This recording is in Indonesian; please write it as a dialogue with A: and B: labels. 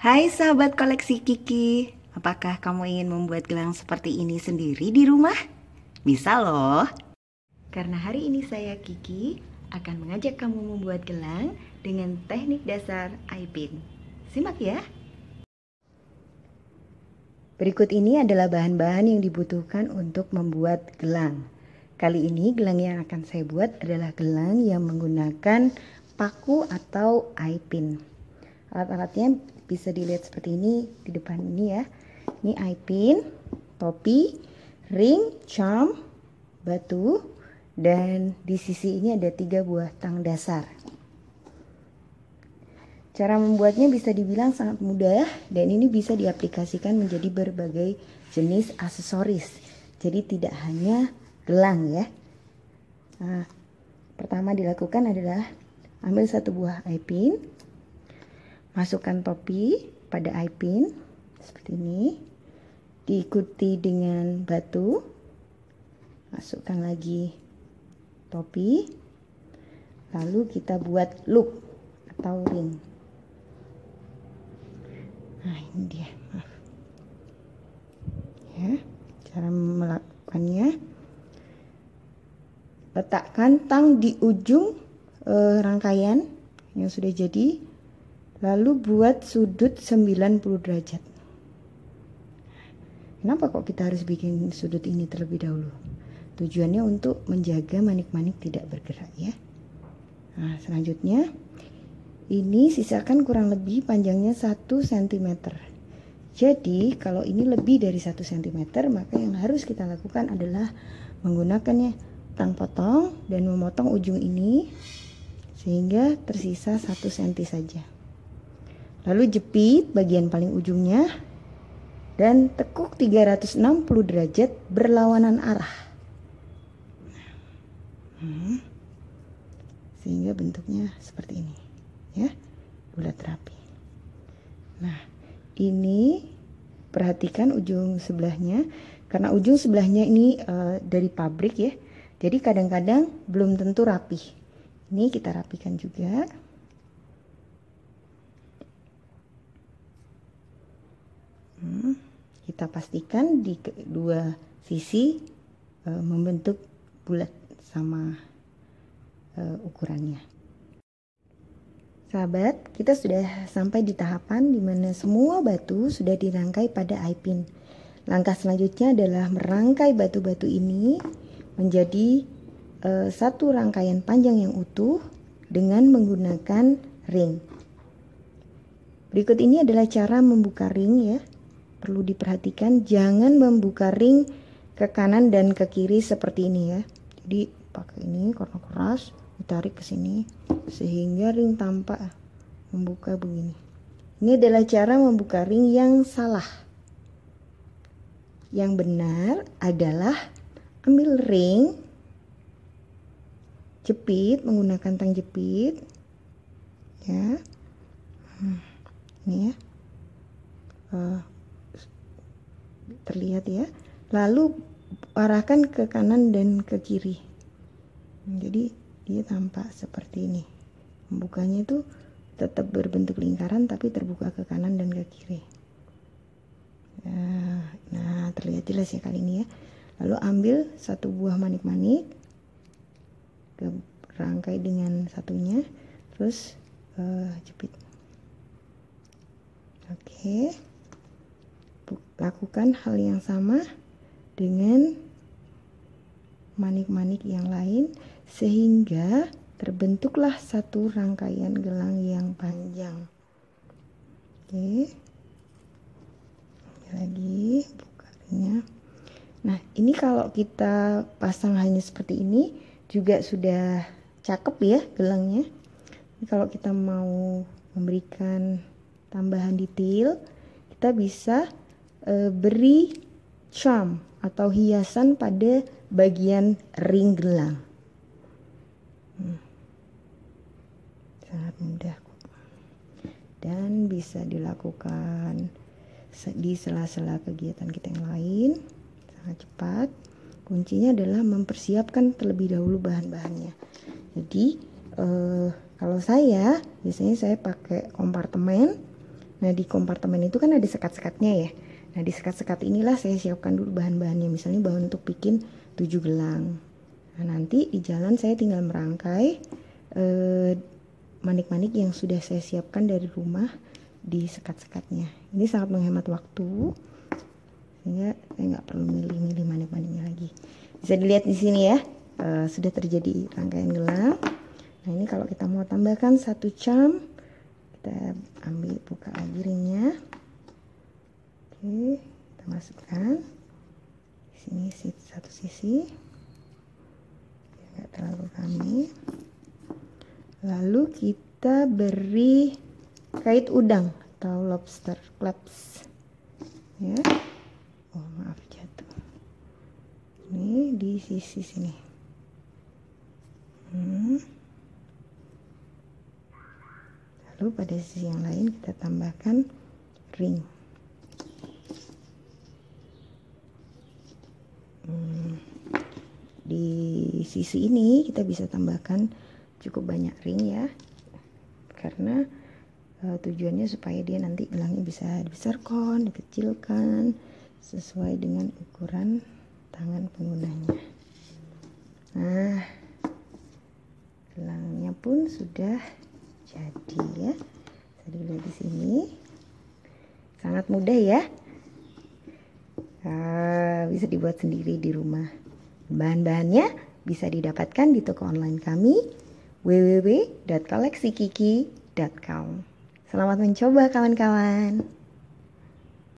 A: Hai sahabat koleksi Kiki, apakah kamu ingin membuat gelang seperti ini sendiri di rumah? Bisa loh. Karena hari ini saya Kiki akan mengajak kamu membuat gelang dengan teknik dasar eye Simak ya. Berikut ini adalah bahan-bahan yang dibutuhkan untuk membuat gelang. Kali ini gelang yang akan saya buat adalah gelang yang menggunakan paku atau eye pin. Alat-alatnya bisa dilihat seperti ini di depan ini ya ini eye pin topi ring charm batu dan di sisi ini ada tiga buah tang dasar cara membuatnya bisa dibilang sangat mudah dan ini bisa diaplikasikan menjadi berbagai jenis aksesoris jadi tidak hanya gelang ya nah, pertama dilakukan adalah ambil satu buah eye pin Masukkan topi pada eye pin seperti ini. Diikuti dengan batu. Masukkan lagi topi. Lalu kita buat loop atau ring. Nah, ini dia. Ya, cara melakukannya. Letakkan tang di ujung eh, rangkaian yang sudah jadi Lalu buat sudut 90 derajat. Kenapa kok kita harus bikin sudut ini terlebih dahulu? Tujuannya untuk menjaga manik-manik tidak bergerak ya. Nah, selanjutnya ini sisakan kurang lebih panjangnya 1 cm. Jadi, kalau ini lebih dari 1 cm, maka yang harus kita lakukan adalah menggunakannya tang potong dan memotong ujung ini sehingga tersisa 1 cm saja. Lalu jepit bagian paling ujungnya dan tekuk 360 derajat berlawanan arah. Hmm. Sehingga bentuknya seperti ini, ya. Bulat rapi. Nah, ini perhatikan ujung sebelahnya karena ujung sebelahnya ini uh, dari pabrik ya. Jadi kadang-kadang belum tentu rapi. Ini kita rapikan juga. Hmm, kita pastikan di kedua sisi e, membentuk bulat sama e, ukurannya. Sahabat, kita sudah sampai di tahapan di mana semua batu sudah dirangkai pada ipin. Langkah selanjutnya adalah merangkai batu-batu ini menjadi e, satu rangkaian panjang yang utuh dengan menggunakan ring. Berikut ini adalah cara membuka ring ya perlu diperhatikan jangan membuka ring ke kanan dan ke kiri seperti ini ya jadi pakai ini karena keras ditarik ke sini sehingga ring tampak membuka begini ini adalah cara membuka ring yang salah yang benar adalah ambil ring jepit menggunakan tang jepit ya hmm, ini ya eh, terlihat ya. Lalu arahkan ke kanan dan ke kiri. Jadi dia tampak seperti ini. Membukanya itu tetap berbentuk lingkaran tapi terbuka ke kanan dan ke kiri. Nah, nah terlihat jelas ya kali ini ya. Lalu ambil satu buah manik-manik, ke rangkai dengan satunya, terus uh, jepit. Oke. Okay. Lakukan hal yang sama dengan manik-manik yang lain sehingga terbentuklah satu rangkaian gelang yang panjang. Oke. Lagi bukanya. Nah, ini kalau kita pasang hanya seperti ini juga sudah cakep ya gelangnya. Ini kalau kita mau memberikan tambahan detail, kita bisa e, beri charm atau hiasan pada bagian ring gelang. Hmm. Sangat mudah dan bisa dilakukan di sela-sela kegiatan kita yang lain sangat cepat. Kuncinya adalah mempersiapkan terlebih dahulu bahan-bahannya. Jadi eh, kalau saya biasanya saya pakai kompartemen. Nah di kompartemen itu kan ada sekat-sekatnya ya. Nah di sekat-sekat inilah saya siapkan dulu bahan-bahannya misalnya bahan untuk bikin 7 gelang. Nah nanti di jalan saya tinggal merangkai eh, manik-manik eh, yang sudah saya siapkan dari rumah di sekat-sekatnya. Ini sangat menghemat waktu sehingga saya nggak perlu milih-milih manik-maniknya lagi. Bisa dilihat di sini ya Uh, sudah terjadi rangkaian gelang. Nah ini kalau kita mau tambahkan satu jam kita ambil buka lagi ringnya masukkan di sini satu sisi tidak terlalu rame lalu kita beri kait udang atau lobster claps ya oh maaf jatuh ini di sisi sini hmm. lalu pada sisi yang lain kita tambahkan ring sisi ini kita bisa tambahkan cukup banyak ring ya karena uh, tujuannya supaya dia nanti gelangnya bisa dibesarkan, dikecilkan sesuai dengan ukuran tangan penggunanya. Nah, gelangnya pun sudah jadi ya. Saya lihat di sini. Sangat mudah ya. Uh, bisa dibuat sendiri di rumah. Bahan-bahannya bisa didapatkan di toko online kami www.koleksikiki.com Selamat mencoba kawan-kawan.